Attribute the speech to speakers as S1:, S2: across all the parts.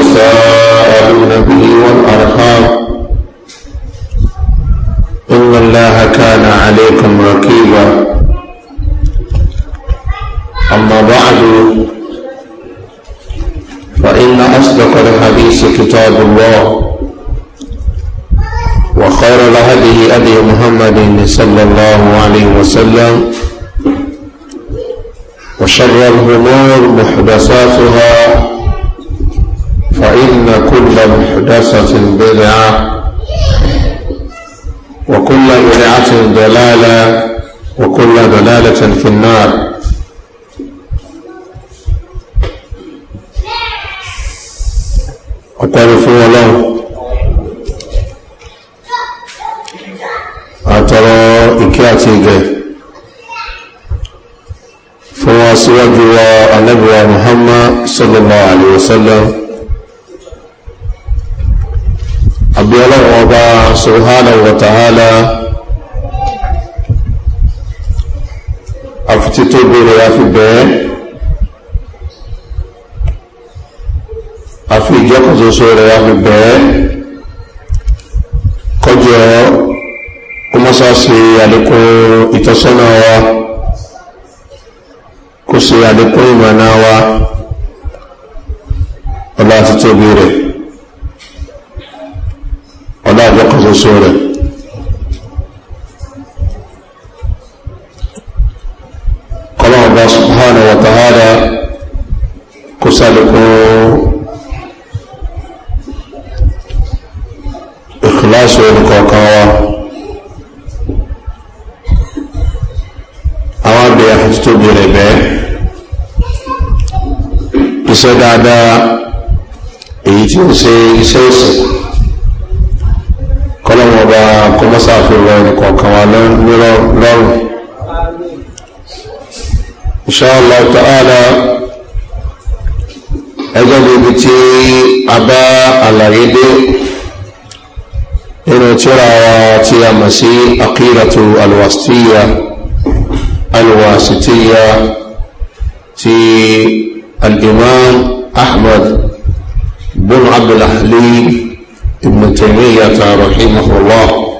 S1: تساءلون به والأرحام إن الله كان عليكم ركيبا أما بعد فإن أصدق الحديث كتاب الله وخير لهذه أبي محمد صلى الله عليه وسلم وشر الأمور محدثاتها فإن كل محدثة بدعة وكل بدعة دلالة وكل دلالة في النار أقول في أترى إكياتي فواسوى جوا النبي محمد صلى الله عليه وسلم bí ọlọ́run ọba subhanahu wa ta'ala àfití tó bèèrè àfi bẹ́ẹ̀ àfi ìjọkọ̀sọsọ rẹ̀ àfi bẹ́ẹ̀ kọjọ kó mọ́sá sí àlékún ìtọ́sọ́nà wa kó sí àlékún ìmọ̀nà wa ọlá àti tóbi rẹ̀ ṣoṣo rẹ̀ kọlọ́ọ̀bá ṣùgbọ́n wa tàhálà kó sálẹ̀kọ́ ìkìláṣì olùkọ̀ọ̀kan wa àwọn abẹ́ àti tóbi rẹ̀ bẹ́ẹ̀ iṣẹ́ dáadáa èyí tí ó ṣe iṣẹ́ ìsìnkú kó mọ́ sàfihàn ẹni kọ̀ọ̀kan wa lọ́rùn inshallah ta'ala ẹjọ́ bíbi tí a bá àlàyé dé nínú tíra wa tí a mọ̀ sí akíratu alwasitiya alwasitiya ti al-imam ahmad bin abdulhalim ibn taymiyyata rahimahullah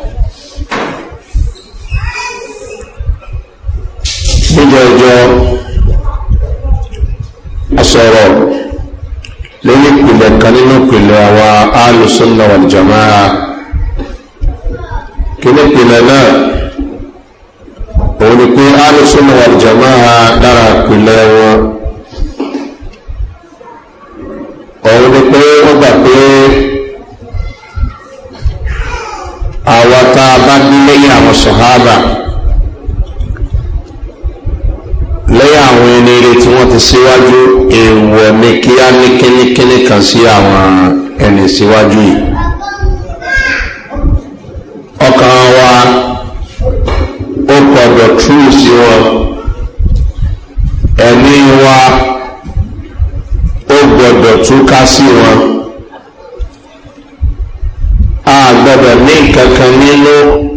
S1: níjẹjọ asọ̀rọ̀ lórí ìpìlẹ̀ kan nínú ìpìlẹ̀ àwa alùsùnà wal jamaa kíní ìpìlẹ̀ náà òun ni pé alùsùnà wal jamaa dára ìpìlẹ̀ wọn òun ni pé wọ́n gbà pé àwa tá a bá nílé àwọn sọ̀hábà. ti síwájú èèwọ̀ ni kí á ní kínníkínní kan sí àwọn ẹni síwájú yìí ọkàn wa ó kọ̀dọ̀ túù sí wọn ẹ̀mí wa ó gbọdọ̀ túká sí wọn a gbọdọ̀ ní kankan nínú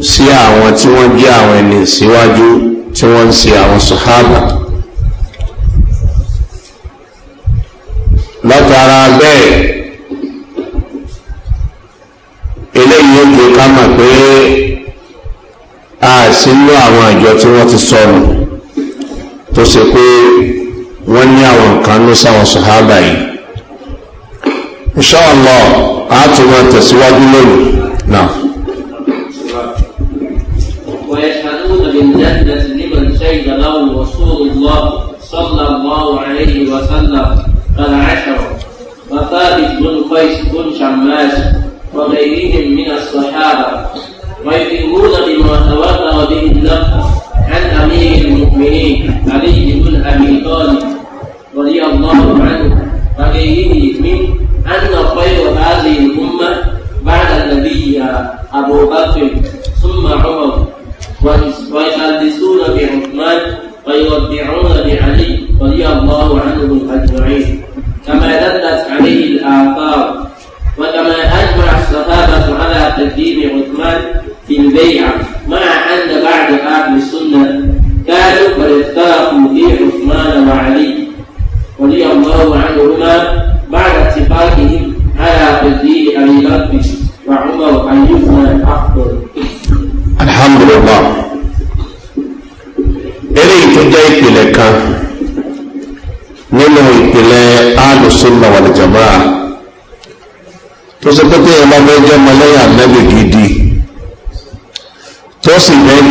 S1: sí àwọn tí wọ́n jẹ́ àwọn ẹni síwájú tí wọ́n ń ṣe àwọn sùhábà. àwùjọ tí wọ́n ti sọnù tó ṣe pé wọ́n ní àwọn nǹkan ló sáwọn sàhábà yìí inshallah àá tún tẹ̀síwájú lónìí náà.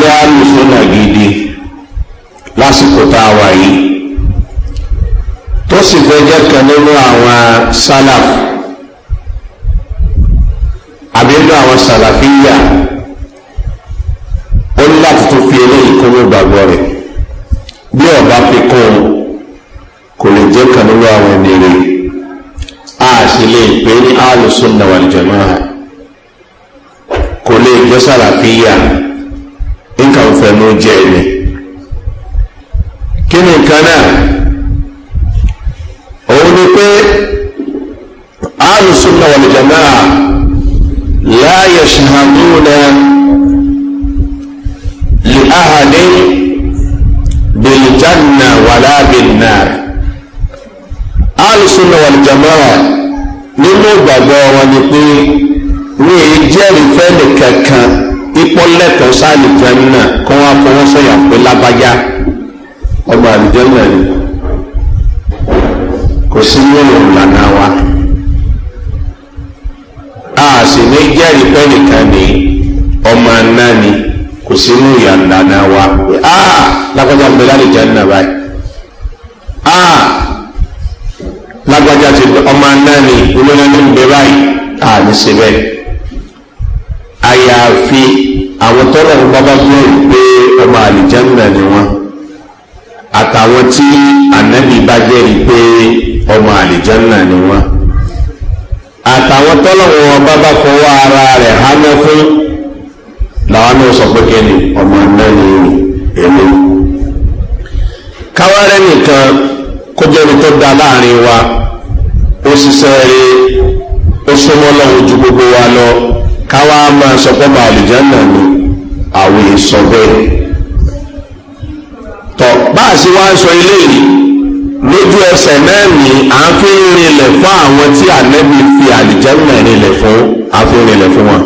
S1: jẹ́ alùsùnà gidi lásìkò tá a wà yìí tó sì fẹ́ jẹ́ kan nínú àwọn sálàf àbí nínú àwọn sàlàfíyà ó ní láti tún fi eléyìí kó ló gbàgbọ́ rẹ̀ bí ọba fi kún kò lè jẹ́ kan nínú àwọn ènìyàn a sì lè pè ní alùsùnà wàlìjọ́mọ́ kò lè jẹ́ sàlàfíyà nǹkan fẹnu jẹ ni kí ni nǹkan náà òun ni pé alùsùnà wal jamaa la yashhaduna li ahadin bil janna wala bin nar alùsùnà wal jamaa nínú ìgbàgbọ́ wọn ni pé wọ́n èyí jẹ́rìí fẹ́ni kankan ìpọ́lẹ́tọ̀ sáàlì jẹ́nà kí wọ́n á fọwọ́ sọ̀yà pé lágbájá ọgbà àlùjẹ́nà ni kò sí nínú ìlànà wa a sì ní jẹ́rìí pé nìkan ni ọmọ náà ni kò sí nínú ìlànà wa pé a lágbájá ń bẹ báyìí a lágbájá ti ọmọ náà ni olóyún ń bẹ báyìí a ní síbẹ̀ àyàfi àwọn tọ́lọ̀ ń bá bá yẹ pé ọmọ àlìjẹ́nà ni wọ́n àtàwọn tí ànábì bá jẹ́ pé ọmọ àlìjẹ́nà ni wọ́n àtàwọn tọ́lọ̀ wọn bá bá fọwọ́ ara rẹ̀ háná fún làwọn náà sọ pé kẹ́ni ọmọ náà ni èmi. káwárẹ́ nìkan kó jẹ́ni tó da láàrin wa ó ṣiṣẹ́ rí ó súnmọ́ lọ́wọ́ ju gbogbo wa lọ káwa máa sọ pé ọmọ àlùjánà ni àwọn èso bẹ́ẹ̀ tọ́ bá a sì wá sọ eléyìí lójú ẹsẹ̀ náà ni à ń fi rinlẹ̀ fún àwọn tí ànẹ́bí fi àlùjánà rinlẹ̀ fún àfi rinlẹ̀ fún wọn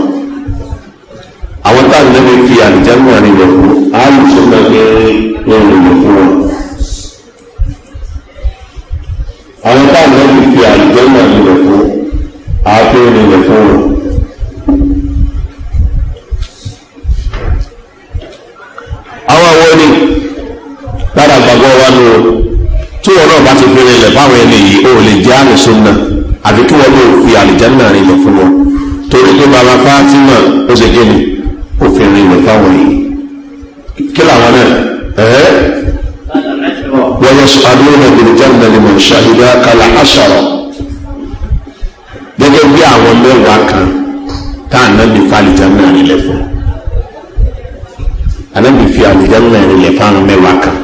S1: àwọn tí ànẹ́bí fi àlùjánà rinlẹ̀ fún àlùjánà rinlẹ̀ fún wọn. lẹ́lẹ́mọ̀ ṣàhídá kala aṣọ̀rọ̀ gẹ́gẹ́ bí àwọn mẹ́wàá kan tá ànábì fa àlìjáná nílẹ̀ fún ànábì fi àlìjáná nílẹ̀ fáwọn mẹ́wàá kan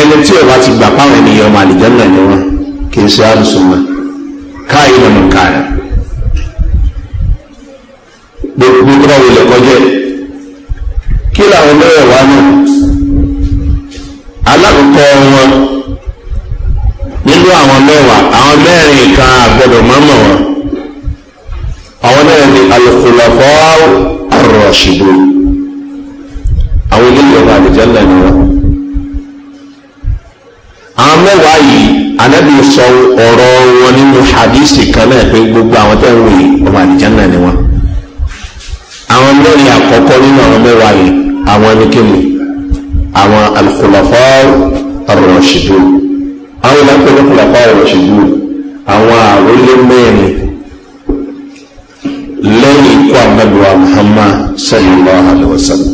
S1: ẹni tí ọba ti gbà fáwọn ènìyàn ọmọ àlìjáná ni wọn kì í ṣe àrùsùnmọ́ káyé lọ́mọ káyà gbogbo tó wọlé kọjá kí làwọn mẹ́wàá náà alákọ̀ọ́kọ́ wọn nínú àwọn mẹ́wàá àwọn mẹ́rin kan àgbọ̀dọ̀ mọ́mọ́ wọn àwọn náà ni alùpùpù àròṣìdò àwọn oníjọba àdìjọ́lẹ̀ ni wọn. àwọn mẹ́wàá yìí anábì sọ ọ̀rọ̀ wọn nínú hadísì kan náà pé gbogbo àwọn tẹ̀ ń wòye ọba àdìjọ́lẹ̀ ni wọn. àwọn mẹ́rin àkọ́kọ́ nínú àwọn mẹ́wàá yìí àwọn ẹnikẹ́ni àwọn alukulafa rọ̀ṣìdù àwọn ìlànà alukulafa rọ̀ṣìdù àwọn àròlé mẹ́rin lẹ́yìn ikú àmàlùwà muhammad sallallahu alaihi wa sallam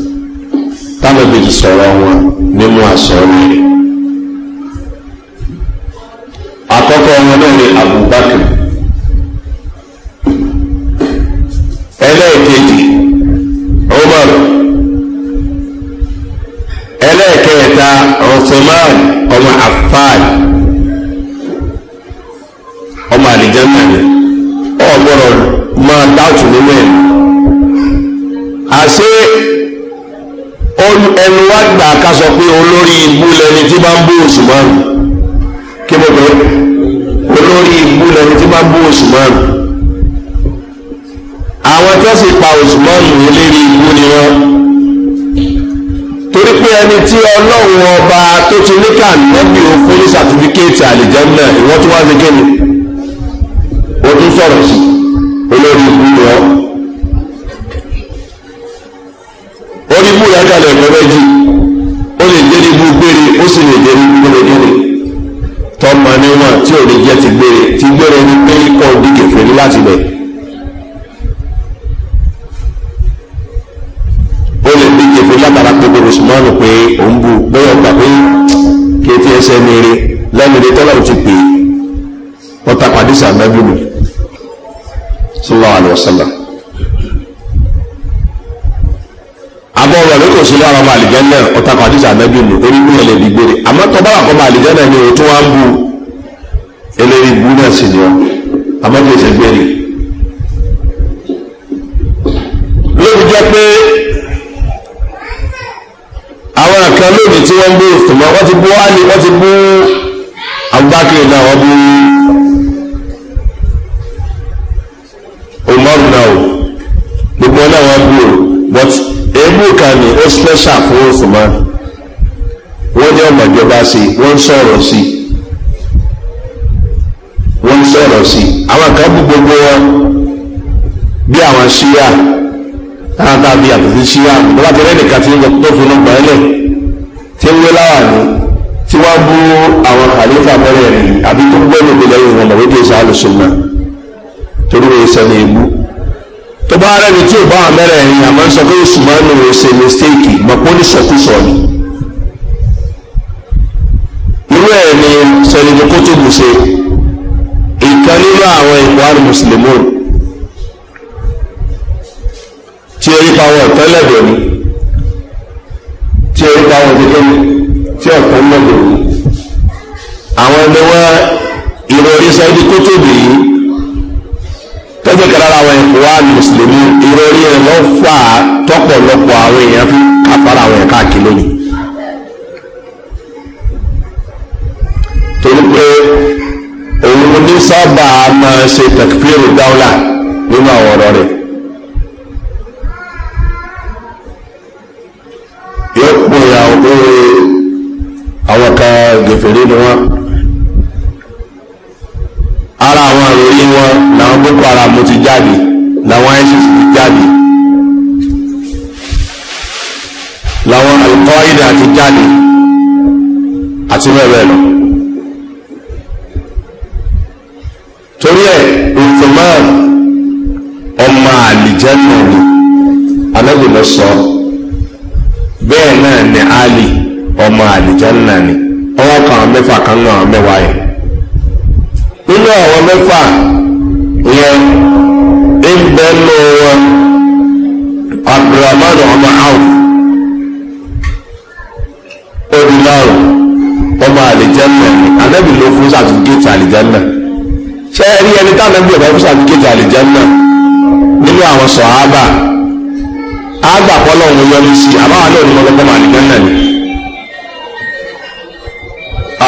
S1: táwọn ìbejì sọ̀rọ̀ wọn nínú àsọ̀rọ̀ rẹ̀ àkọ́kọ́ wọn náà ni abubakar. olórí ibú lẹni tí bá ń bú Usman kí mo pè olórí ibú lẹni tí bá ń bú Usman àwọn tó sì pa Usman eléré ibú ni wọn torí pé ẹni tí ọlọ́run ọba tó ti ní ká nẹ́bí o ní sàtífíkẹ́ẹ̀tì àlìjẹ́mínà ìwọ́n tí wọ́n ti gé ni tún sọ̀rọ̀ sí olórí ibú ni wọn. ó sì lè jẹ́ gbẹ́rẹ́gbẹ́rẹ́ tọ́mọ níwọ̀n tí ò lè jẹ́ ti gbére ti gbére ní pé ikọ̀ òbí kẹfẹ́rí láti bẹ̀. ó lè bí kẹfẹ́rí látara pé gbogbo sùmọ́nù pé òun bu bẹ́ẹ̀ ọgbà pé kéétí ẹsẹ̀ ní eré lẹ́nu ilé tọ́lá ò ti pè é wọ́n pàdé sàmẹ́bùnú sọlá àlùwọ̀sálà. kọ́ ọ̀rọ̀ lórí òṣèlú àwọn ọmọ àlìjẹ́nà ọ̀tá kàdíjà anábì nù orí bí wọn lè di gbére àmọ́ tọ́ báwọn ọmọ àlìjẹ́nà ni òtún wá ń bu eléyìí bú náà sì ni ọ àmọ́ kì í ṣe gbére. lóbi jẹ́ pé àwọn kan lóbi tí wọ́n ń bú ìfìmọ́ wọ́n ti bú wálé wọ́n ti bú abúgbákè náà wọ́n bú special fún osùnmọ́ wọ́n ní ọmọ ìjọba sí wọ́n ń sọ̀rọ̀ sí wọ́n ń sọ̀rọ̀ sí àwọn kan bú gbogbo wọn bí àwọn ṣíyà táwọn tá a bí àtúntí ṣíyà bọ́lá tó rẹ́ nìkan tí ń tó fi inú gbọ́n lẹ̀ tí ń wé láwà ní tí wọ́n bú àwọn kàlífà mọ́rẹ̀ rìn àbí tó gbọ́n lòdì lẹ́yìn wọn mọ̀ wípé sàálùsùn náà torí wọ́n ṣẹlẹ̀ ìbú tó bá rẹ̀ ní tí ò bá wọn mẹ́rẹ̀ ẹ̀yìn àmọ́ sọ pé oṣù máa ń lò ó ṣe mistake mọ̀pọ́ ní sọkúsọ ni irú ẹ̀ ni sẹ́nitọ́ kótóbù ṣe ìkan nínú àwọn ìwà mùsùlùmí tí orí pa wọn tẹ́lẹ̀ dẹ̀ ni tí orí pa wọn tẹ́lẹ̀ ni tí ọ̀kan mẹ́gbẹ̀ẹ́ àwọn ẹgbẹ́ wa ìròyìn sẹ́ni kótóbù yìí ó jẹ́ kára àwọn ìwà mùsùlùmí ìrọ̀rí ẹ̀ lọ́ fà á tọ́pọ̀lọpọ̀ àwọn èèyàn fi kápára àwọn ẹ̀ka àkìlẹ̀ lónìí. torí pé òun ní sábà máa ṣe tẹkifíìrì dáwọ́là nínú àwọn ọ̀rọ̀ rẹ̀. yóò pè àwọn kan gèfèrè ni wọ́n. wọn làwọn boko haram ti jáde làwọn isis ti jáde làwọn ti jáde àti bẹ́ẹ̀ lọ. torí ẹ̀ Uthman ọmọ ni Ànábì sọ bẹ́ẹ̀ náà ni Ali ọmọ ni ọwọ́ kan mẹ́fà kan náà nínú àwọn mẹ́fà yẹn ìgbẹ́ lọ wọn abdulrahman ọmọ auf odinaro ọmọ àlìjẹ́nà anábì ló fún sàtúndéètì àlìjẹ́nà ṣé ẹ rí ẹni táwọn ẹbí ọba fún sàtúndéètì àlìjẹ́nà nínú àwọn sọ̀hábà àgbàpọ̀lọ̀ òun yọrí sí àbáwọn náà ní wọn lọ́gbọ́n àlìjẹ́nà ni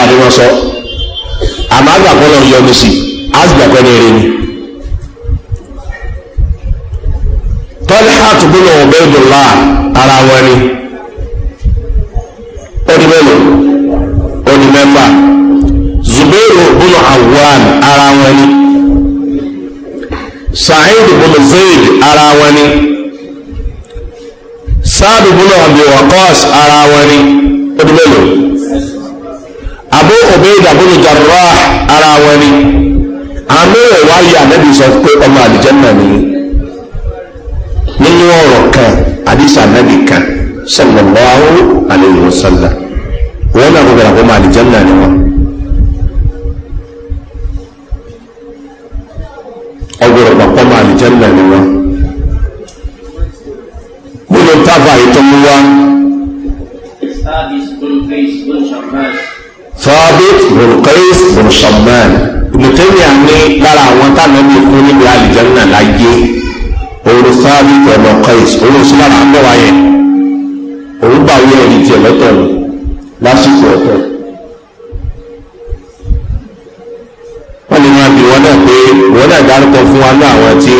S1: àdìmọ̀sọ́. àmọ́ àgbàkọ́ lọ yọ lọ́sí àgbàkọ́ ní eré ni tọ́lá tó gbóná ìdùnlá ara wọn ni onímẹ́lò onímẹ́mbà zubairu gbóná àwọn ara wọn ni sa'id gbóná zayd ara wọn ni sáàdù gbóná ọ̀bẹ̀ wàkọ́s ara wọn ni Ubayda bin Jarrah ara wọn ni àmẹ́rẹ̀ wá yà nẹ́bí sọ pé ọmọ àlìjẹ́nà ni nínú ọ̀rọ̀ kan àdìsá nẹ́bí kan sallallahu alaihi wasallam wọn náà gbọdọ̀ àpọ̀ ọmọ àlìjẹ́nà ni wọn. sáàbì pẹ̀lú kais owó sílára àgbọ̀wá yẹn òun gbà wí ẹ̀rí tiẹ̀ lọ́tọ̀ ni lásìkò ọ̀tọ̀. wọ́n lè máa bì wọ́n náà pé wọ́n náà dárúkọ fún wa náà àwọn tí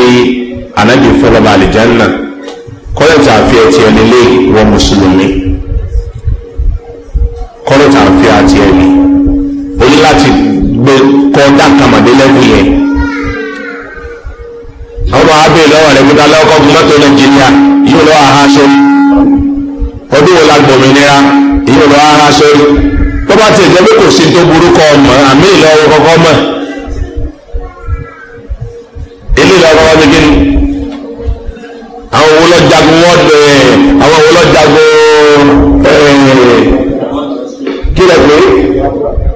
S1: ànábì fọlọ́ba àlìjánná kọ́lẹ́tì àfi ẹ̀tì ẹ̀ nílé ìwọ mùsùlùmí kọ́lẹ́tì àfi ẹ̀tì ẹ̀ ní oní láti gbé kọ́ dákàmọ̀dé lẹ́gùn yẹn
S2: àwọn máa bèèrè lọ́wọ́ rẹ̀ múta lọ́kọ́ gun mọ́tò
S1: nàìjíríà yóò lọ́wọ́ aha sórí ọdún wo la gbòmìnira yóò lọ́wọ́ aha sórí tó bá tiẹ̀ jẹ́ pé kò sí tó burúkọ ọmọ àmì ìlọ́wọ́ kọ́kọ́ mọ̀ ilé ìlọ́wọ́ kọ́kọ́ ti gíni àwọn owó lọ́jagun wọ́ọ̀dù ẹ̀ àwọn owó lọ́jagun kí lẹ pé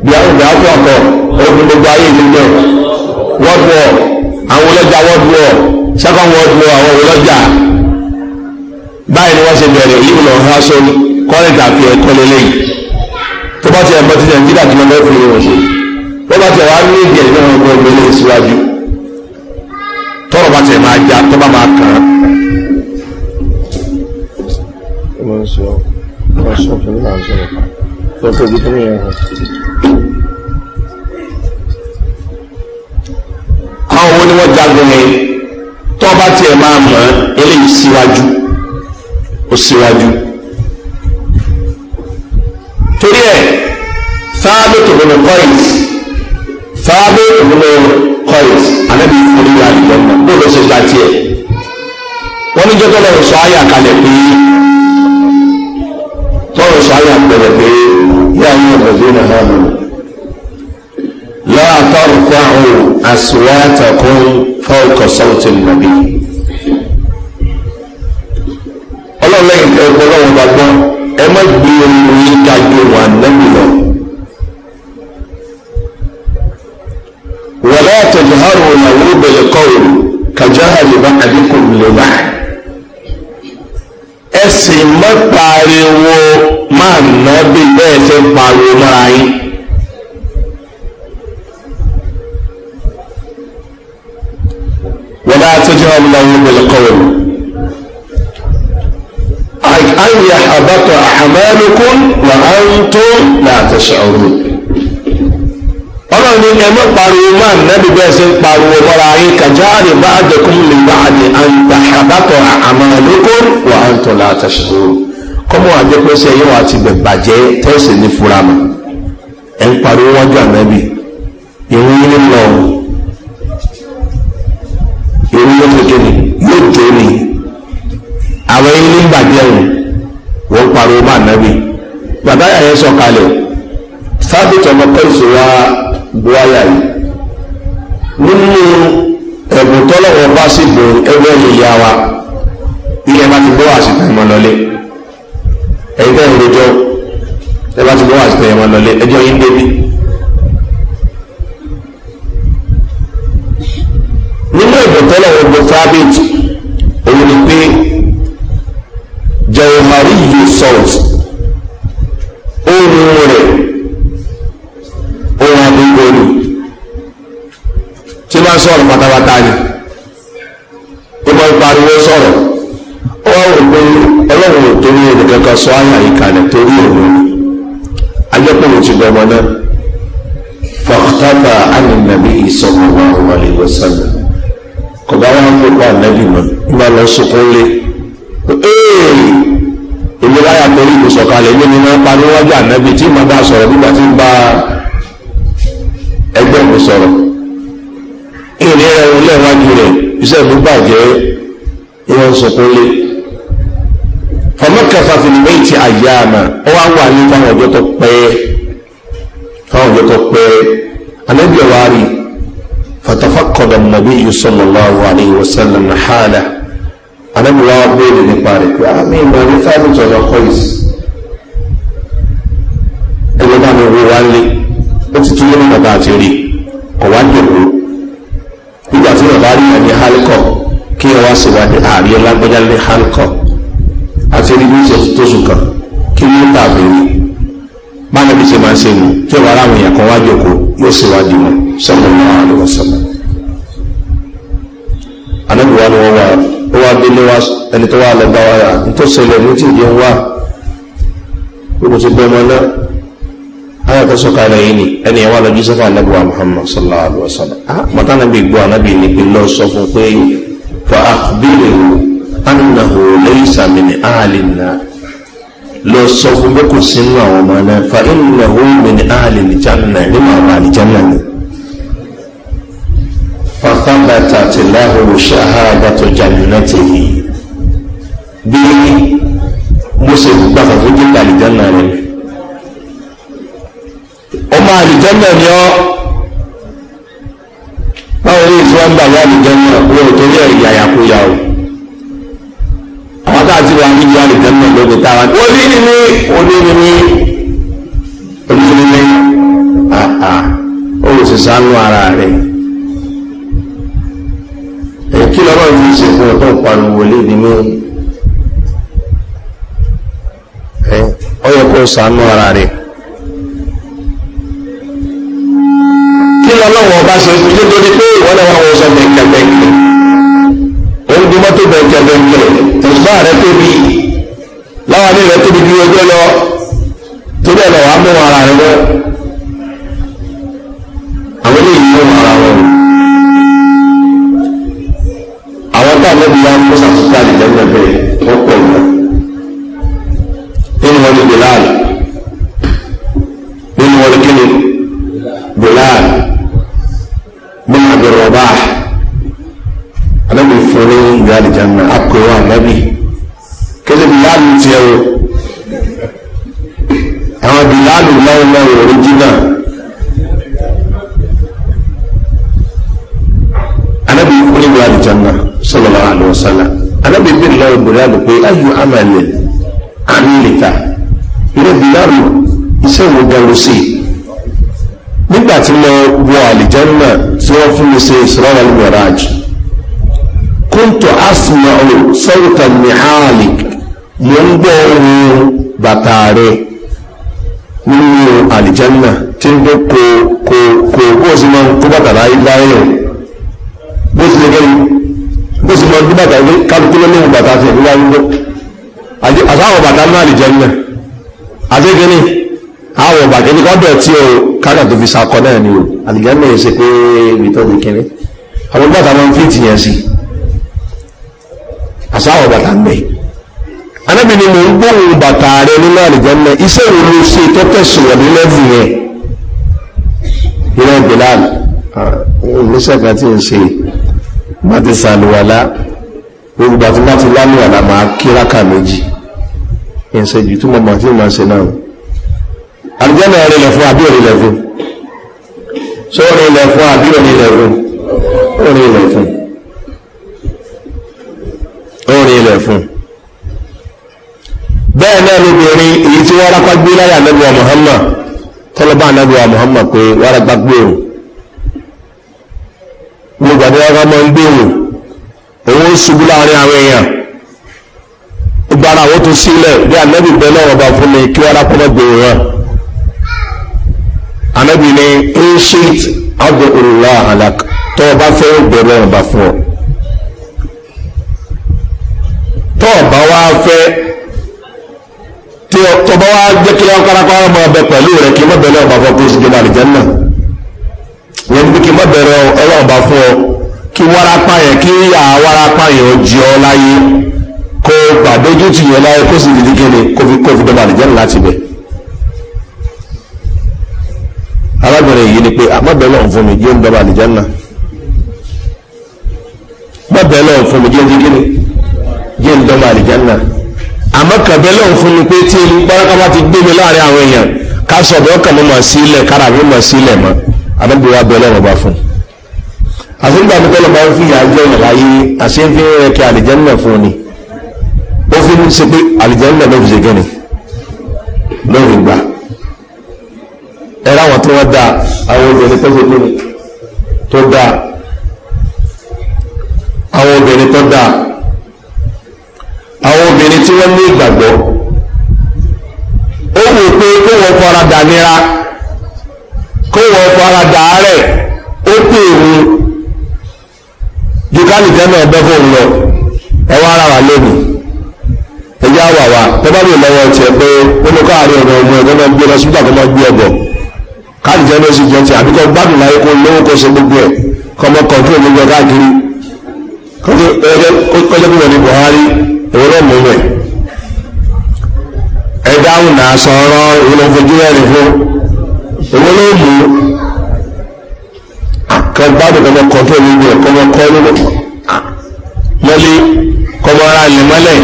S1: bí àwọn ìgbà kọ̀ ọ̀kọ̀ ogun gbogbo ayé ìlú náà wọ́ọ̀dù àwọn ọlọ́jà world war second world war àwọn ọlọ́jà báyìí ni wọ́n ṣe bẹ̀rẹ̀ yìí lọ ha so current affair ẹ̀kọ́ lélẹ́yìn tó bá ti ẹ̀mọ́ ti nàìjíríà tó lọ́wọ́ fi wọ́n ṣe tó bá ti wá ní ìdí ẹ̀jẹ̀ wọn gbọ́ ìgbélé síwájú tọ́rọ̀ bá ti máa já tó bá máa kàn án. Thank you. wọ́n jagun yẹn tọ́ba tiẹ̀ máa mọ̀ eléyìí síwájú ó síwájú. torí ẹ̀ fáábì tòbínú kọ́ìs fáábì tòbínú kọ́ìs anábì ìfúnni àdìgbò bó ló ṣe gba tiẹ̀ wọ́n ní jẹ́tọ́ lọ́wọ́ sọ ayé àkàlẹ̀ pé tọ́wọ́ sọ ayé àkàlẹ̀ pé yíyá yín ọ̀gbẹ̀dẹ́ náà hàn mí warfa'u aswatakum fawqa sawti nabi ọlọ́lẹ́yìn ẹgbọ́lọ́wọ́ bá gbọ́ ẹ má gbé ohun yín ga ju wà nẹ́bí lọ. wala tajharu lahu bil qawl kajahri ba'dikum li ba'd ẹ sì má pariwo máa nà bí bẹ́ẹ̀ ṣe pariwo máa yín. طيب القول أن يحبط أعمالكم وأنتم لا تشعرون ọlọ́run ní ẹ mọ́ pariwo máa nẹ́bí bẹ́ẹ̀ sí ń pariwo mọ́ra yín kàjáàrí bá àjẹkùn lè bá àdé àǹtàkàbàtọ̀ àmàlókùn wà á ń tọ́ látàṣìṣòro kọ́mọ́ àjẹpẹ́sẹ̀ yóò àti bẹ̀bàjẹ́ tẹ́sí ní fúramà ẹ̀ ń pariwo wájú ànábì ìwé yín lọ́wọ́. ànábì ẹ̀wọ̀n wọ́n pariwo mọ́ ànábì bàbá yàrá sọ kalẹ̀ sábìtì ọmọ kọ́ọ̀sì wa buwaya yìí nínú ẹ̀bùn tọ́lọ́wọ́ bá sì bò ẹgbẹ́ ìyá wa ilẹ̀ bá ti bọ́ àsìkò ìmọ̀ lọlé ẹ̀yin tẹ́ ìrojọ́ ẹ bá ti bọ́ àsìkò ìmọ̀ lọlé ẹjọ́ yín débi. nínú ẹ̀bùn tọ́lọ́wọ́ bò sábìtì òun ni pé jẹ̀wọ̀mọ̀rí yìí sọ̀t ohun rẹ̀ ohun agogo ni tí bá sọ̀rọ̀ pátápátá ni ó bá pariwo sọ̀rọ̀ ó wá wò pé ọlọ́run ò torí ẹnìkankan sọ àyà yìí kalẹ̀ torí òun ajẹ́pẹ̀lú ti bọ̀ náà fọ̀tàbà ànínàbí ìsọ̀mọ̀wá wàlẹ̀ wọ́sálà kọ̀bá wọn kó pa ànábì mọ́ nígbà lọ sókún lé torí kò sọ̀kalẹ̀ gbé ní máa ń pa níwájú ànábì tí màá bá sọ̀rọ̀ nígbà tí ń bá ẹgbẹ́ kò sọ̀rọ̀ ìrìn ẹ̀rọ lẹ́wájú rẹ̀ iṣẹ́ mi bàjẹ́ ìwọ̀n sọ̀kúnlé fọmọkẹfà fìlímẹ́ ti àyà àmà ó wá wà ní fáwọn ọjọ́ tó pẹ́ fáwọn ọjọ́ tó pẹ́ ànábì ọ̀wá rí fàtàfàkọ̀dọ̀ mọ̀bí yusuf lọ́wọ́ àlẹ́ ìwọ̀sán lọ́nà hàlẹ́ àlẹ́bí wa béèrè nípa rẹ̀ pé àmì ah, ìmọ̀ ní sábìtì ọ̀dọ̀ kọ́ìs ẹgbẹ́ bá mi wo wá lé ó ti túlé nígbà tá a ti rí ọ̀wá jòkó nígbà tí bàbá rí ẹni hálíkọ kí ẹ wá sí wádìí ah, ààrẹ lágbẹ́jà ní hálíkọ àti rí bí ìṣẹ̀tù tó sùn kan kí ní tàbí rí báyọ̀ bí ṣe máa ṣe nù tí ọ̀bá aráwọ̀ èèyàn kan wá jòkó yóò sì wá dìmọ̀ sọ́kùnrin àwọn àlùwọ̀sọ̀lá. àlẹ́bí wa ni wọ́n wá ó wá délé wá ẹni tó wà lọ́gbà wa rà ní tó ṣẹlẹ̀ ní tí ìdí ń wà gbogbo tó gbé náà ayé tó sọ yìí ni ẹni ẹ̀wà lọ jísọ́fà anábìwá muhammad sallallahu alayhi wa sallam ah, mọ̀tá anábì gbọ́ anábì ní pé lọ sọ fún pé fa àbílẹ̀ wò anahu lẹ́yìnsà mi ní àhàlì náà lọ sọ fún pé kò sínú àwọn ọmọ náà fa ìnáwó mi ní àhàlì nìjánà nínú àwọn àlìjánà ni. فثبتت له شهادة جنته bí Mósè gbàgbà tó dé ta àlìjánà rẹ̀ ọmọ àlìjánà ni ọ báwo ní ìfúnra ń gbàgbà àlìjánà wọn ò torí ẹ̀rí àyàkóyà o àwọn tá a ti wà níbi àlìjánà lóde táwa ní onínìní onínìní onínìní àà ah, ah. ó sì sánú ara rẹ̀ kí lọ́wọ́ yìí ṣe fún ọ̀tọ́ ìpanu wọlé ní mú ọyọ kó sànú ara rẹ̀ kí lọ́wọ́ bá ṣe fún nítorí pé ìwọ́n náà wọ́n sọ bẹ̀kẹ̀bẹ̀kẹ̀ òun bí mọ́tò bẹ̀kẹ̀bẹ̀kẹ̀ ìgbà rẹ̀ tóbi láwọn ilé rẹ̀ tóbi bí ọjọ́ lọ torí ẹ̀ lọ́wọ́ á mú ara rẹ̀ wọ́n àwọn ilé ìlú ara kó sàtúntà àlìjẹ́ bẹ̀rẹ̀ tó pọ̀ lọ. nínú wọn ni bilal nínú wọn ni kíni bilal bin abdul rabah anabi fúnni ìgbà àlìjẹ́ náà akọ̀wé anabi kéde bilal tiẹ̀ o àwọn bilal lọ́wọ́lọ́wọ́ original. anabi fúnni ìgbà àlìjẹ́ náà sallallahu alaihi wasallam anábì bí lọ ìbòrí àgbò pé ayò amàlẹ̀ àmìlìkà ilé bìlárù iṣẹ́ ìwò gẹrù sí nígbà tí mo wọ àlìjẹ́nà tí wọ́n fún mi ṣe ìṣòro al-miraj kúntù asma'u sawta mihalik mo ń gbọ́ ohun bàtà rẹ̀ nínú àlìjẹ́nà tí ń gbé kó kó kó kó sí máa ń kó bàtà láyé bó ti lè gẹ́yìn lọ gbé bàtà ilé kálukú ló ní bàtà àti ìlú arúgbó àtàwọn bàtà náà lè jẹ nílẹ̀ àtẹkẹni àwọn bàtà ní kọdọ tí o kájà tó fi sakọ náà ni o àtìgẹ náà ṣe pé ibi tó di kiri àwọn bàtà máa ń fi tìyẹn sí àtàwọn bàtà ń bẹ anábì ni mò ń gbóhùn bàtà rẹ nínú àlìjẹ náà iṣẹ́ wo ló ṣe tó tẹ̀sùn ní lẹ́fù yẹn ìrẹ́ bìlá ìlú má ti sàlùwàlá gbogbo àti má ti lálùwàlá máa kíráka méjì ìṣẹ́jú tí mo mọ̀ tí mo ṣe náà àlùjànnà rílẹ̀ fún àbí òrílẹ̀ fún sọ rílẹ̀ fún àbí òrílẹ̀ fún òrílẹ̀ fún òrílẹ̀ fún bẹ́ẹ̀ náà lóbìnrin èyí tí wọ́n rápá gbé láyà Muhammad tọ́lọ́bà nẹ́bùwà Muhammad pé wọ́n gbé òun ìgbàdé ọgá mọ́ ń gbèrò òun ṣubú láàrin àwọn èèyàn gbogbo ara àwọn tó sílẹ̀ bí anẹ́bì bẹ́ẹ̀ náà wọ́n bá fún mi kí wọ́n rákọ́ mọ́ gbèrò náà anẹ́bì ni inshit abdullah alak tó o bá fẹ́ bẹ̀rẹ̀ náà bá fún ọ tó o bá wá fẹ́ tí o bá wá jẹ́ kí wọ́n kárakọ́ ọmọ ọbẹ̀ pẹ̀lú rẹ̀ kí wọ́n bẹ̀rẹ̀ náà bá fọ́ kó o sì gbé náà àlìjẹ́ náà. wọ́n ní kí n má bẹ̀rẹ̀ ọlọ́run fún ọ kí wárápá yẹn kí ìyá wárápá yẹn ó jẹ ọ láyé kó gbàdójú yẹn láyé kó sì dìde kéde kó fi kó fi dọ́gba láti bẹ̀. arábìnrin yìí ni pé àmọ́bẹ̀ lọ́n fún mi jẹ́ ń ya àlìjẹ́ náà mọ́bẹ̀ lọ́n fún mi jẹ́ ń jẹ́ ń náà àmọ́ àdébí wa bẹ̀rẹ̀ ọ̀bá fún àti nígbà tó tọ́lọ̀ bá ń fìyà jẹ́ ìrìnláyé àti ń fi ń rẹ̀ kí àlìjẹ́nà fún ni ó fi ń ṣe pé àlìjẹ́nà ló fi ṣe gẹ́ni ló fi gbà ẹ̀rọ àwọn tí wọ́n da àwọn obìnrin tó ṣe pé tó da àwọn obìnrin tó da àwọn obìnrin tí wọ́n ní ìgbàgbọ́ ó wù pé kí wọ́n fara dà nira kó wọ ọkọ̀ ara dàárẹ̀ ó pè mí ju kánìkẹ́ náà bẹ́ fóun lọ ẹwà ara wà lónìí ẹjẹ́ àwà wa tó bá mi lọ́wọ́ tiẹ̀ pé ó ní káàárín ọ̀nà ọ̀gbọ̀n ẹ̀gbọ́n máa gbé lọ síbítà tó máa gbé ọ̀bọ̀ kánìkẹ́ ló sì jẹ́ ti àbíkọ́ gbádùn láyé kó lówó kó ṣe gbogbo ẹ̀ kọ́mọ kọ̀ọ̀tún òmìnira káàkiri kọjọ́ pípọ̀ ní Buhari ìwọ́rọ̀ mú rẹ̀ ẹ dáhùn náà sọ̀rọ̀ ìwọ́n fojú rẹ̀ nìfún owó ló mú kan gbádùn kan kọ́ tó ní ìgbẹ́ kọ́ kọ́ nínú mọ́lé kọ́mọ ara lè mọ́lẹ̀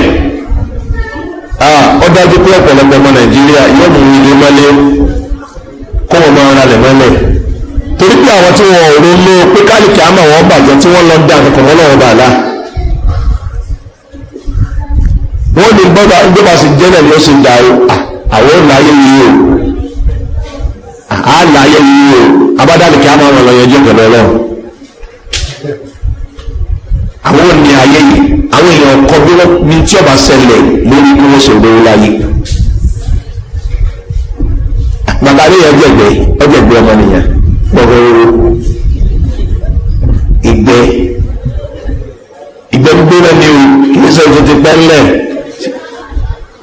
S1: ó dájú pé ọ̀pọ̀lọpọ̀ ọmọ nàìjíríà yóò mú ilé mọ́lé kó wọn máa ra lè torí pé àwọn tí wọn ò pé wọn tí lọ wọn bàálà á láyé yìí o abádàlì kí a máa wọn lọ yẹjọ́ pẹ̀lú ọlọ́run àwọn ní ayé yìí àwọn èèyàn kọ bí wọn ní tí ọba ṣẹlẹ̀ lórí bí wọn ṣe lórí láyé bàbá mi ọgbẹgbẹ ọgbẹgbẹ ọmọnìyàn gbọgbẹ ooru ìgbẹ ìgbẹ gbígbóná ni o kì í sọ tuntun pẹ́ńlẹ̀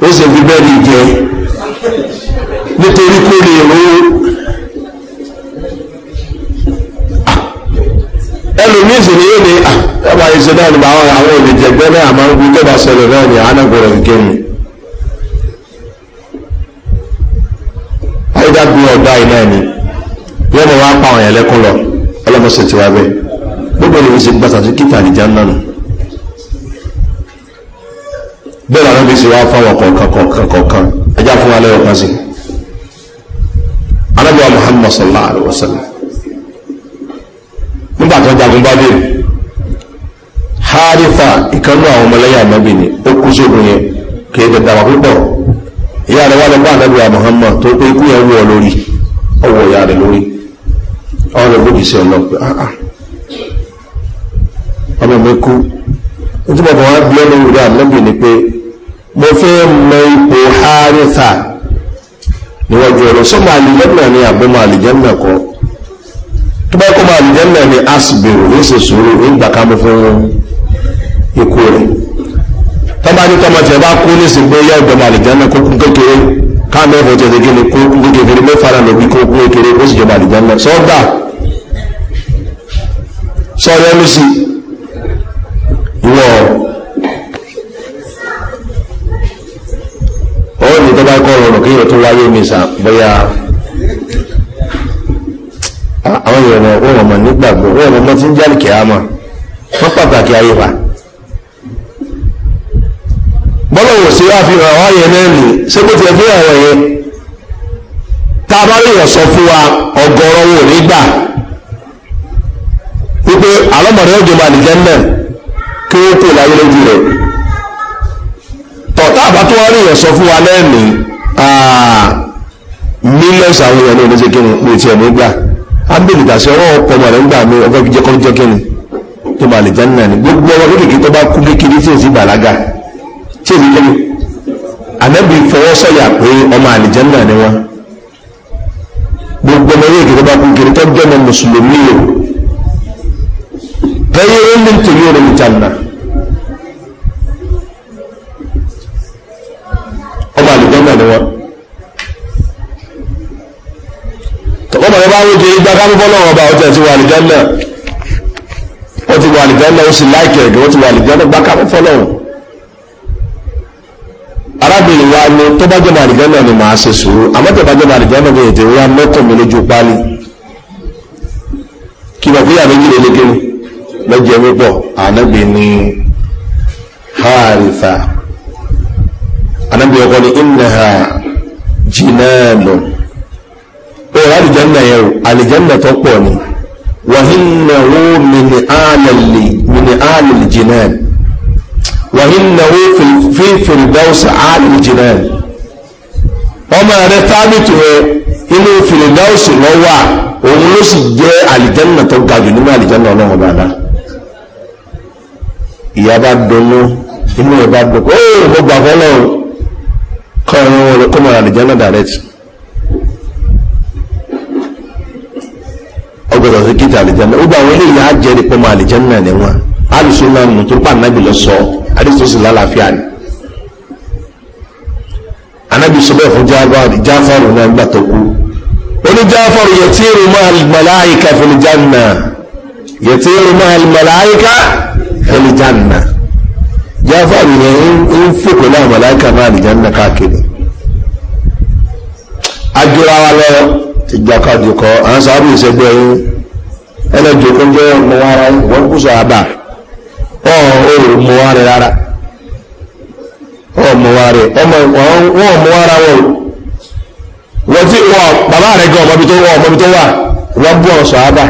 S1: ó sì fi bẹ́ẹ̀ ni jẹ nítorí kó lè ro sì ní yóò ní àbá ah, ìṣe náà nípa àwọn àwọn olùjẹgbẹ́ náà máa ń wí tó bá ṣẹlẹ̀ náà ní àánágbọ̀rọ̀ ìkéwì ayédágún ọ̀gá iná ẹni yóò mọ̀ wá pa àwọn yẹn lẹ́kún lọ ọlọ́mọṣẹ́ ti bẹ́ẹ̀ gbogbo ìlú ṣe gbàtà sí kíta àdìjá náà nù bẹ́ẹ̀ làwọn bí wá fáwọn kọ̀ọ̀kan kọ̀ọ̀kan kọ̀ọ̀kan ẹjá fún wa lẹ́yọ̀ sí anábíà muhammad sallallahu alaihi nígbà tó jagun bá bèrè harifa ìkanú àwọn ọmọlẹ́yà ànábì ni ó kú sógun yẹn kì í dẹ̀ dàgbà púpọ̀ ìyá rẹ̀ wà lọ́pọ̀ ànábì àmọ́hánmà tó pé ikú yẹn wọ̀ lórí ọwọ́ ìyá rẹ̀ lórí ọ̀rọ̀ ìbòjì sí ọ̀nà pé áà ah, ah. ọmọ mi kú nítorí bàbá wa bí ọmọ ìwúrẹ́ ànábì ni pé mo fẹ́ mọ ipò harifa níwájú ọ̀rọ̀ sọ́mọ àlìjẹ́mà ni àbọ̀mọ àlìjẹ́mà kan ọmọ àlùjẹ́lẹ̀ ni asibiri ní ṣe sùúrù nígbà kámú fún ikú rẹ̀ tọ́ba ní tọ́mọ tẹ̀ bá kú ní sí pé yọ ọ̀dọ́mọ àlùjẹ́lẹ̀ kó kún kékeré káàmì ẹ̀fọ́ tẹ̀ tẹ̀kí ni kó kún kékeré mẹ́fà náà lòbí kó kún kékeré ó sì jọba àlùjẹ́lẹ̀ sọ́gbà sọ́ọ́rẹ́ ló sì ìwọ ọ̀rọ̀ ní tọ́ba kọ́ ọ̀rọ̀ kí ìrọ̀ tó wáyé mi sà bóyá àwọn èèyàn wọn ọmọ nígbàgbọ́ wọn ọmọ tí ń jáde kìámọ̀ wọ́n pàtàkì ayé wa bọ́lọ̀ wò sí àfihàn àwọn ayẹ náà nì ṣé bó ti ẹ̀ fún àwọn yẹn tá a bá rí ìyàn sọ fún wa ọgọ́rọ̀ wò nígbà wípé àlọ́mọdé ọjọ́ máa nìjẹ́ náà kí ó kò láyé lójú rẹ̀ a àbá tó wá rí ìyàn sọ fún wa lẹ́ẹ̀mí mílíọ̀nù àwọn èèyàn ní oníṣẹ́kí ní ti ẹ̀ nígbà a ń bèèrè dàsí ọwọ́ ọkọ̀ ọmọ rẹ̀ ń gbà mí ọgbẹ́ fi jẹ́ kọ́ jẹ́ kẹ́ni tó máa lè jáde náà ni gbogbo ọmọ kékeré tó bá kú kékeré tí ò sí bàlágà tí èmi kẹ́ni ànábì fọwọ́ sọ̀yà pé ọmọ àlìjẹ́ náà ni wọ́n gbogbo ọmọ kékeré tó bá kú kékeré tó jẹ́ ọmọ mùsùlùmí o gẹ́yẹ́ ó ní nítorí ọ̀rọ̀ mi jàǹdà ọmọ àlìjẹ́ náà ni wọ́n. ọmọdé bá wọ́n jẹ igbá kámúfọ́ náà ọba ọtẹ ti wà nìjẹ́ ọ ó ti wà nìjẹ́ náà ó sì láìkẹ̀ ẹ̀gẹ́ ó ti wà nìjẹ́ náà gbá kámúfọ́ náà arábìnrin wa ni tó bá jẹ́ màrìjẹ́ náà ni màá ṣe sùúrù àmọ́ tó bá jẹ́ màrìjẹ́ náà ni ètè wa mi lójú kí lọ́jọ́ wípọ̀ ànábì ni ànábì ọkọ ni jìnnà òrò àlìjẹ́nà yẹn àlìjẹ́nà tó pọ̀ ni wàhínáwó mini àlìlì jìnnà wàhínáwó fífìrìdáwòsì àlìlì jìnnà ọmọ rẹ tábìtì rẹ inú fìrìdáwòsì lọ wà òun ló sì jẹ́ àlìjẹ́nà tó ga jù nínú àlìjẹ́nà ọlọ́run bàdá ìyá bá dunnú inú ẹ̀ bá dùn ó mo gbà fọ́lọ́ kọ́ ọ̀rọ̀ kó mọ̀ àlìjẹ́nà direct. ọgbọ́dọ̀ sí kíta àlìjánná ó gba àwọn eléyìí á jẹ́ nípa ọmọ àlìjánná ni wọn alùsùn náà nù tó pa ànábì lọ sọ adéṣọ́sì lálàáfíà ni ànábì sọ bẹ́ẹ̀ fún jáfàrù náà gbà tó kú oní jáfàrù yẹtíru máa màláyíká fìlìjánná yẹtíru máa màláyíká fìlìjánná jáfàrù yẹn ń fòkò náà màláyíká máa àlìjánná káàkiri àjọra wa lọ ìjàkadì kọ àwọn sábà ìṣẹ́gbẹ́ yìí ẹlẹ́jọ̀kọ́ jẹ́ mọ́wárá wọ́n kú sàábà ọ̀ òòrùn mọ́wárá rárá ọ̀ mọ́wárá ọmọ wọn mọ́wárá wọn wọ́n tí wọ́n bàbá rẹ̀ gan ọmọbi tó wọ́n ọmọbi tó wà wọ́n bú ọ̀rọ̀ sàábà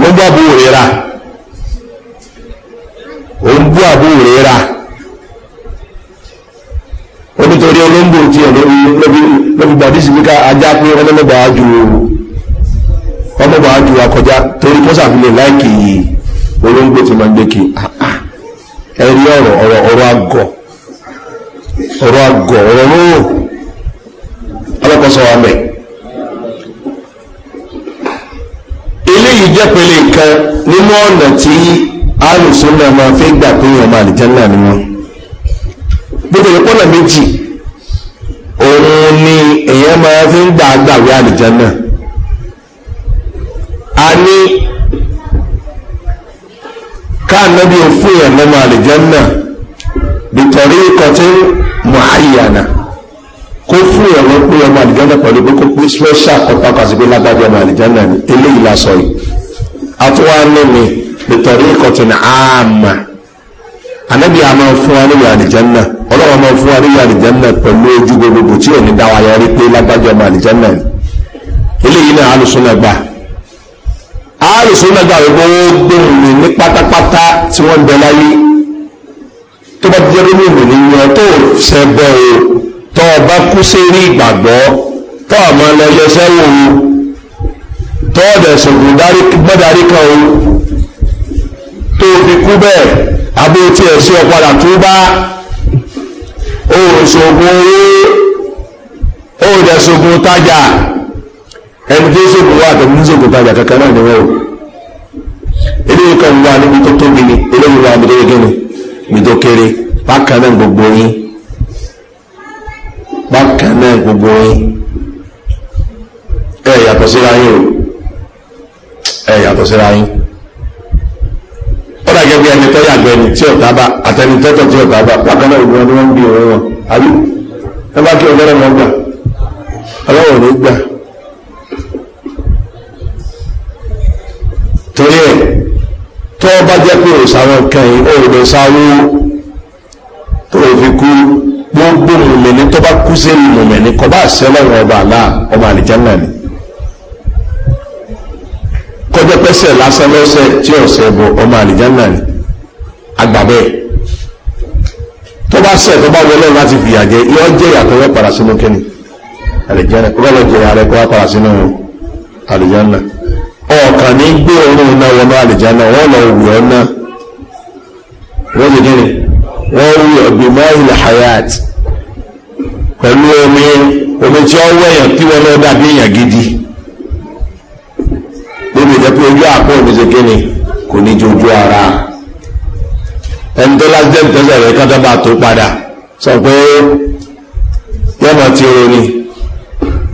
S1: wọ́n bú àbú lọ́bi gbàdísì wíká ajá pé ọlọ́mọgbà ju ọmọgbà ju akọjá torí kọ́sàfilẹ̀ láìkì yìí olóńgbò ti máa gbé kí ẹ̀rí ọ̀rọ̀ ọ̀rọ̀ ọ̀rọ̀ àgọ̀ ọ̀rọ̀ àgọ̀ ọ̀rọ̀ lóòrò alọ́kọ̀ọ́sọ wa mẹ́ eléyìí jẹ́ pẹ̀lẹ́ kan nínú ọ̀nà tí alùsùn náà máa fẹ́ gbà pé èèyàn máa lè jẹ́ náà ni wọ́n gbogbo ìpọ́nà méjì ni èyàn máa fi ń gbà gbàwé àlìjánà a ní káànábí òfin èyàn lọ́mọ àlìjánà bìtọ̀rí ikọ̀ tí mọ̀ àyànà kó fún èyàn lọ́pọ̀ pé ọmọ àlìjánà pẹ̀lú pé kó pé special kọta kan sí pé lágbájá ọmọ àlìjánà ni eléyìí lásọ yìí a ní mi bìtọ̀rí ikọ̀ tí àmà ànábì àmà fún wa níbi àlìjánà ọlọ́run ọmọ fún aríyá àlìjánà pẹ̀lú ojú gbogbo tí ò ní dáwà yọ rí pé lágbájọ ọmọ àlìjánà eléyìí náà alùsùnà gbà alùsùnà gbà wípé ó gbóhùn mi ní pátápátá tí wọ́n ń bẹ láyé tó bá jẹ́ nínú ìròyìn yẹn tó ṣẹ bọ́ o tó o bá kú sí rí ìgbàgbọ́ tó o máa lọ yẹsẹ́ wò o tó o dẹ̀ sọ̀gùn gbọ́darí kan o tó o fi kú bẹ́ẹ̀ abó tiẹ̀ sí ọ tó bá òṣògùn owó òdẹ̀ṣògùn tajà ẹni tó ṣògùn wà tẹ̀lé ṣògùn tajà kankan náà nìwọ̀n eléyìí kan wà níbi tó tóbi ni eléyìí wà níbi tó gẹ́gẹ́ ni tó kéré bákan náà gbogbo yín bákan náà gbogbo yín ẹ yàtọ̀ síra yín o ẹ yàtọ̀ síra yín ó dà gẹ́gẹ́ ẹni tó yàgbẹ́ ẹni tí ọ̀tá bá àtẹni tọ́tọ̀ tí ọ̀tá bá bákan náà ìgbìmọ̀ tí wọ́n ń bí ọ̀rọ̀ wọn àbí ẹ bá kí ọgọ́rọ̀ wọn gbà ọlọ́wọ̀ ló gbà torí ẹ̀ tó bá jẹ́ pé òsàwọn kẹyìn òòrùn sáwó tó fi kú gbogbo mùmẹ̀ní tó bá kú sí mùmẹ̀ní kọ bá sẹ́lẹ̀ ọba àlá ọba àlìjẹ́ náà ni kọjá pẹ́sẹ̀ lásán lọ́sẹ̀ tí ọ̀sẹ̀ bọ̀ ọmọ àlìjánà ni agbàbẹ́ tó bá sẹ̀ tó bá wọlé láti fìyà jẹ yọ jẹ́ ìyàtọ̀ rẹ̀ padà sínú kẹ́ni àlìjánà kó lọ́lọ́ jẹ́ ààrẹ kó wá padà sínú àlìjánà ọ̀kan ní gbé orun iná wọnú àlìjánà wọ́n lọ wù ọ́ náà wọ́n ti kíni wọ́n wù ọ̀gbìn mọ́ìlì hayat pẹ̀lú omi omi tí ó wẹ̀yàn kí wọ́n lọ dàbí èèyàn gidi jẹ́ pé ojú àpò òníṣe kíni kò ní ju ojú ara ẹni tó lásìdẹ́ntì tó sẹ̀rẹ̀ kí wọ́n tó bá tó padà sọ pé yọ̀mọ̀ tí o ní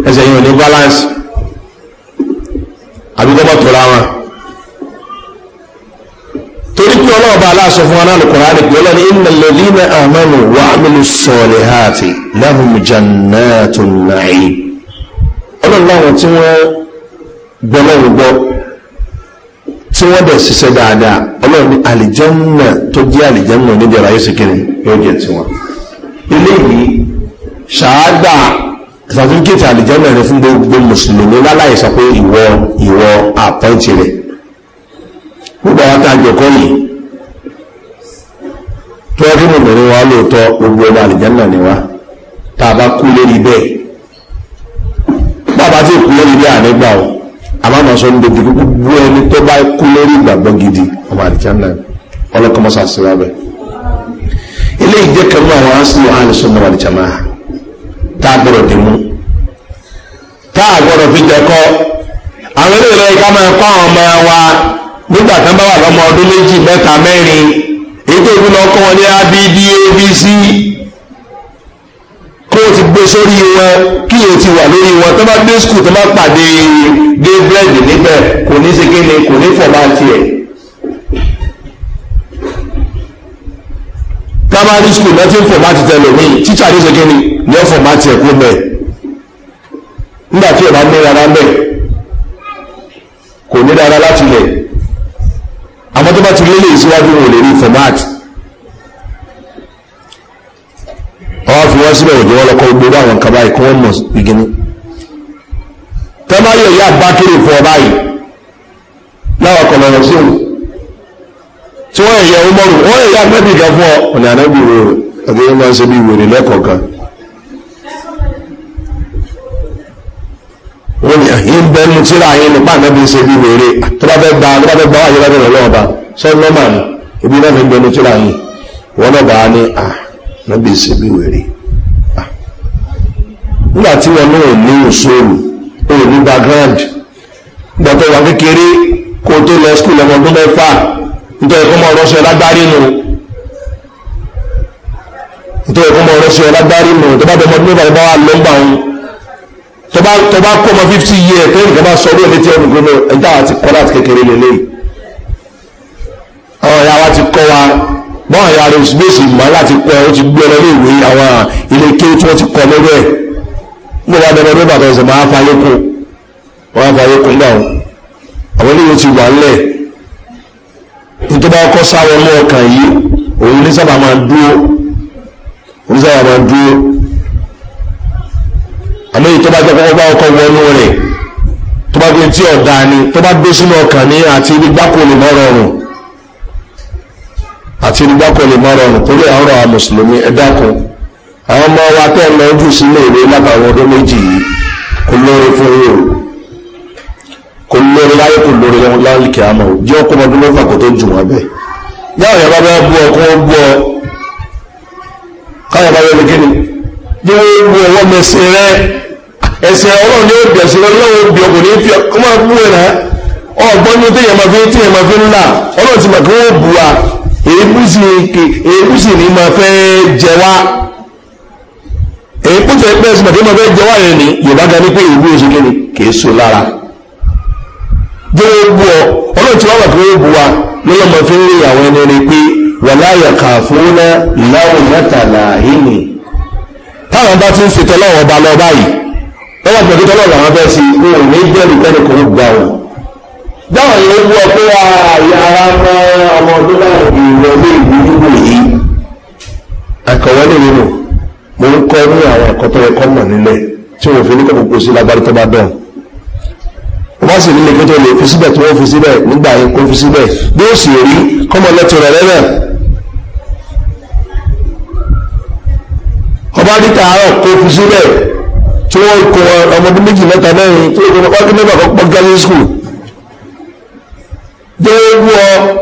S1: ẹsẹ̀ yìí ò ní balance àbí tó ra wọn torí pé ọlọ́run bá aláṣọ fún wa náà lùkùnrin àti pé ọlọ́run iná lèlí ní àmọ́nù wà nínú sọ̀rẹ̀ àti lẹ́hùn jannatu nàí ọlọ́run láwọn tí wọ́n gbọ́lọ́run gbọ́ tí wọ́n dẹ̀ ṣiṣẹ́ dáadáa ọlọ́run ní àlìjánná tó jẹ́ àlìjánná níbi ara yóò ṣèkìrì yóò jẹ́ tiwọn. eléyìí ṣáádà ṣàtúnkìtì àlìjánná rẹ fún gbogbo mùsùlùmí láláì sọ pé ìwọ ìwọ àpọ́ǹtì rẹ̀. gbogbo àwọn tá a jọkọ́ yìí tó ọdún mọ̀mọ́rin wa lóòótọ́ gbogbo ọba àlìjánná ni wa tá a bá kú lérí bẹ́ẹ̀ bá a bá ti kú lérí bẹ́ẹ̀ àbámọ̀ sọ ní dojú gbogbo ẹni tó bá kú lórí ìgbàgbọ́ gidi ọmọ àdìjánná ọlọ́kọmọsá sí wa bẹ́ ilé ìjẹ́ kan mú àwọn asìlò àlùsùn náà àdìjánná tá a gbọ́dọ̀ dì mú tá a gbọ́dọ̀ fi jẹ kọ́ àwọn ilé ìlọ ìka máa kọ́ àwọn ọmọ wa nígbà kan bá wà lọ́mọ ọdún méjì mẹ́ta mẹ́rin èyí tó ìlú lọ́kọ́ wọn ní abdabc wọ́n ti gbé sórí wọn kí èyí ti wà lórí wọn tó bá dé skul tó bá pàdé dé bírèdì níbẹ̀ kò ní ṣe kíni kò ní fọ̀ máa tiẹ̀. primary school náà ti ń fọ̀ máa ti tẹ̀lé mi tíṣà ní ṣe kíni ní ọ̀fọ̀ máa tiẹ̀ kú bẹ́ẹ̀ nígbà tí ọba mú rárá bẹ́ẹ̀ kò ní dára láti lẹ̀ àmọ́ tó bá ti lélẹ̀ síwájú wọn ò lè rí format wọn síbẹ̀ òjò wọn lọ́kọ́ gbogbo àwọn nǹkan báyìí kí wọ́n mọ̀ ìgbìmọ̀ tẹ́lá yẹ ìyá àbákẹ́rẹ́ fún ọ báyìí láwọn kan lọ́rọ̀ sí òun tí wọ́n yẹ ọmọrù wọ́n yẹ àgbẹ́bì kan fún ọ ọ̀nà ànábì rẹ̀ àgbẹ́yẹ máa ń ṣe bí ìwèrè lẹ́kọ̀ọ̀kan wọ́n ni àyín bẹ́nu tí ra àyín nípa ànábì ṣe bí ìwèrè tó bá fẹ́ bá fẹ́ ní à ah, ànábì ṣe bí nígbà tí wọn náà ní òṣòrò o ní background gbọ́tọ̀ wà kékeré kó tó lọ skul ọmọ ọdún mẹ́fà nítorí kó mọ ọrọ́ṣẹ́ lágbárí nù nítorí kó mọ ọrọ́ṣẹ́ lágbárí nù tó bá bẹ ọmọdún mẹ́fà bá wà lọ́gbà òun tó bá kó ọmọ fifty year tó nìkan bá sọ orí ẹni tí ọmọ gbogbo ẹja àti kọ́ láti kékeré lélẹ́yìí àwọn ìyá wa ti kọ́ wa bọ́n ìyá rẹ̀ sì gbèsè láti kọ́ ó ti gbé ọ lọ ìwé àwọn ilé kéwú wọ́n ti kọ́ lọ́wọ́ ẹ̀ mo bá dẹrẹ rẹ bàtà ẹsẹ máa fayé kún máa fayé kún gbà wọn àwọn eléyìí ti wà ńlẹ̀ nítorí bá kọ sáré mọ ọkàn yìí òun ní sábà máa dúró òun sábà máa dúró àmọ́ èyí tó bá jẹ kọ́kọ́ bá ọkọ wọnú rẹ̀ tó bá gbé tí ọ̀dà ni tó bá dé sínú ọkàn ní àti ibi gbáko lè mọ́ rọrùn àti ibi gbáko lè mọ́ rọrùn torí àwọn ọ̀rọ̀ àwọn mùsùlùmí ẹ dákun. àwọn ọmọ wa tẹ́ lọ ojú sí iléèwé látàwọn ọdún méjì yìí kò lóore fún yín o kò lóore láyé kò àmọ́ jẹ́ ọkọ̀ ọdún mẹ́fà kò tó jù wọ́n bẹ́ẹ̀ yáwọn yàrá bá bú ọ kó bú ọ bá yẹ bí ọ wọ́n rẹ ẹsẹ̀ ọlọ́run ní òbí ẹ̀sìn ọlọ́run òbí ọkùnrin fi ọmọ bú ẹ̀ ọgbọ́n ní fi tẹ pẹ́ sí bàtí mo fẹ́ jẹ wáyé ni yorùbá ga ní pé ìlú oṣù kí ni kì í so lára jẹ́ ebu ọ ọlọ́run tí wọ́n wà pé ebu wa ló lọ́mọ fi ń rí àwọn ẹni rí pé wà kà fún ná láwọn mẹ́tàlá hìnì táwọn bá ti ń fi tọ́lọ́wọ́ ọba lọ báyìí wọ́n wà pẹ̀lú tọ́lọ́wọ́ àwọn fẹ́ sí wọn ò ní bẹ́ẹ̀rù bẹ́ẹ̀rù kò ń gbà wọn dáwọn yẹn wú ọpẹ́ àyà ara ọmọ ọdún láàrin ìrọ̀lẹ́ ìlú dúró yìí àkọ̀wé nínú mo ń kọ́ ní àwọn ẹ̀kọ́ tó yẹ kọ́ mọ̀ nílẹ̀ tí wọ́n fi níkọ̀ gbogbo sí lágbárí tó bá dán wọ́n bá sì nílé kí tó lè fi síbẹ̀ tí wọ́n fi síbẹ̀ nígbà yẹn kó fi síbẹ̀ bí ó sì rí kọ́mọ lẹ́tọ̀ rẹ̀ lẹ́nà ọba díta àárọ̀ kó fi síbẹ̀ tí wọ́n kó ọmọdé méjì mẹ́ta mẹ́rin tí wọ́n kó ọdún mẹ́fà kó pọ́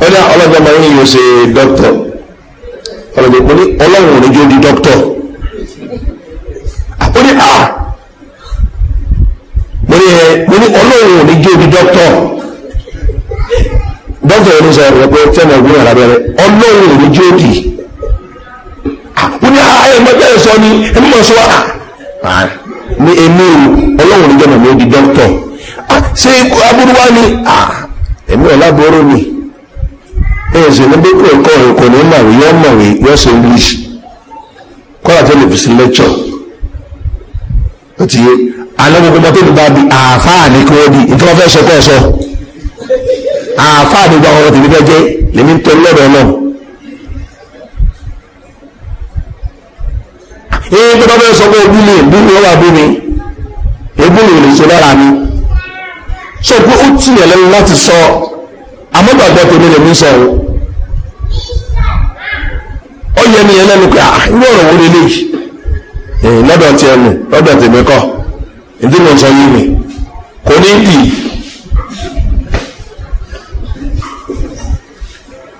S1: ó ní ọlọ́jọ́ máa ń yíyọ ṣe dọ́kítọ̀ ọlọ́jọ́ kò ní ọlọ́run ò ní jó di dọ́kítọ̀ ó ní à ah! mo ní ẹ eh, mo ní ọlọ́run ò ní jó di dọ́kítọ̀ dọ́kítọ̀ yẹn ló sọ ẹ̀rọ pé fẹ́mi ọ̀gbìn rẹ̀ lábẹ́rẹ́ ọlọ́run ò ní jó di ó ní à ah, ẹ̀ mọ́tẹ́ ẹ̀ sọ ni ẹ̀ mọ́ sọ à ah, ní èmi ọlọ́run ò ní jẹ́ mọ̀ mi ó di dọ́kítọ̀ ṣé abúrú wá ní à èmi ọ̀ mi ẹ̀sìn ní bí kò kọ́ ẹ̀kọ́ ní màwé yọ́ màwé yọ́ sí english kọ́lá tó lè fi sí lecture ó ti yé alẹ́gbẹ̀gbẹ̀ tó lè bá bi àáfàá ní kí wọ́n di ìtọ́ fẹ́ sọ kọ́ sọ àáfàá ní gbà ọ̀rọ̀ tèmi bẹ́ jẹ́ lèmi ń tọ́ lọ́dọ̀ náà ee tó bá bẹ́ẹ̀ sọ pé ogun mi ìbú mi ọba bú mi ogun mi ò lè ṣe lára mi sọ pé ó tìyẹ̀ àmọ́gbàgbọ́ tèmi lè mú sọ ó yẹ ni ẹlẹ́nu pé irú ọ̀rọ̀ wo lélẹ́ yìí lọ́dọ̀ ti ẹnu lọ́dọ̀ tèmi kọ́ ìdí mo sọ yìí mi kò ní dì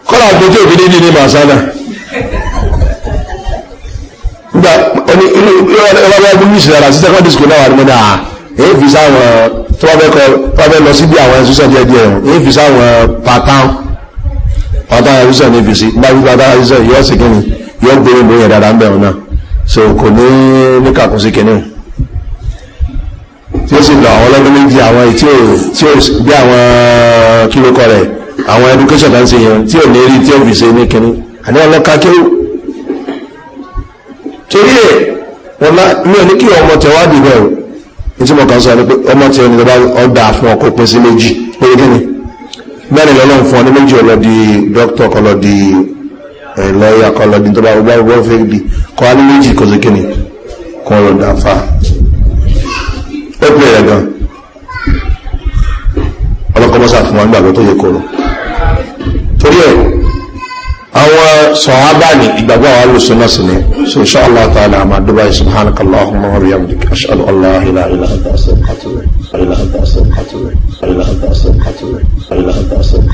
S1: kọ́lá àgbójú òbí ní ní màsánà nígbà ó ní ilé ìwádìí ìwádìí ìṣẹ̀lẹ̀ àti secondary school náà wà ní mọ́dà èé fi sáwọn tó bá fẹ́ lọ síbi àwọn ẹ̀sùsọ̀ díẹ̀ díẹ̀ ní fi sáwọn pàtàkì pàtàkì ẹ̀sùsọ̀ ní fi sí gbájú pàtàkì ẹ̀sùsọ̀ yóò sì kíni yóò gbóyè bóyè dáadáa ń bẹ̀rù náà so kò ní ní kàkún sí kíni tí ó sì lọ àwọn ọlọ́dún méjì àwọn tí ó tí ó bí àwọn kílókọ rẹ̀ àwọn education kan ṣe yẹn tí ò ní rí tí ó fi ṣe ní kíni àní ọlọ́ka tí mo kàn sọ ni pé ọmọ tí ẹni tọ́ba ọgbà fún ọkọ̀ pín sí méjì lórí kí ni bẹ́ẹ̀ni lọ́lọ́run fún ọ ní méjì ọlọ́ di dókítà kọ́ lọ di lọ́ọ̀yà kọ́ lọ di tọ́ba ọgbà ọgbà fẹ́ di kọ́ á ní méjì kò sí kí ni kọ́ lọ dà fa ó pè é gan ọlọ́kọ́ mọ́sá fún wa nígbàgbọ́ tó yẹ kóró torí ẹ̀ àwọn sọ̀hábà ní ìgbàgbọ́ àwọn alùsùnà sí ni so ṣe aláàtàlá àmà dúbà ìsìnkánà kàláhùn mọ́ rí àmì aṣọ́lù aláhìlá ilá àdásọ́ kàtúrẹ̀ ilá àdásọ́ kàtúrẹ̀ ilá àdásọ́ kàtúrẹ̀ ilá àdásọ́ kàtúrẹ̀